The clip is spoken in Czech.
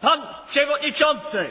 Pan przewodniczący!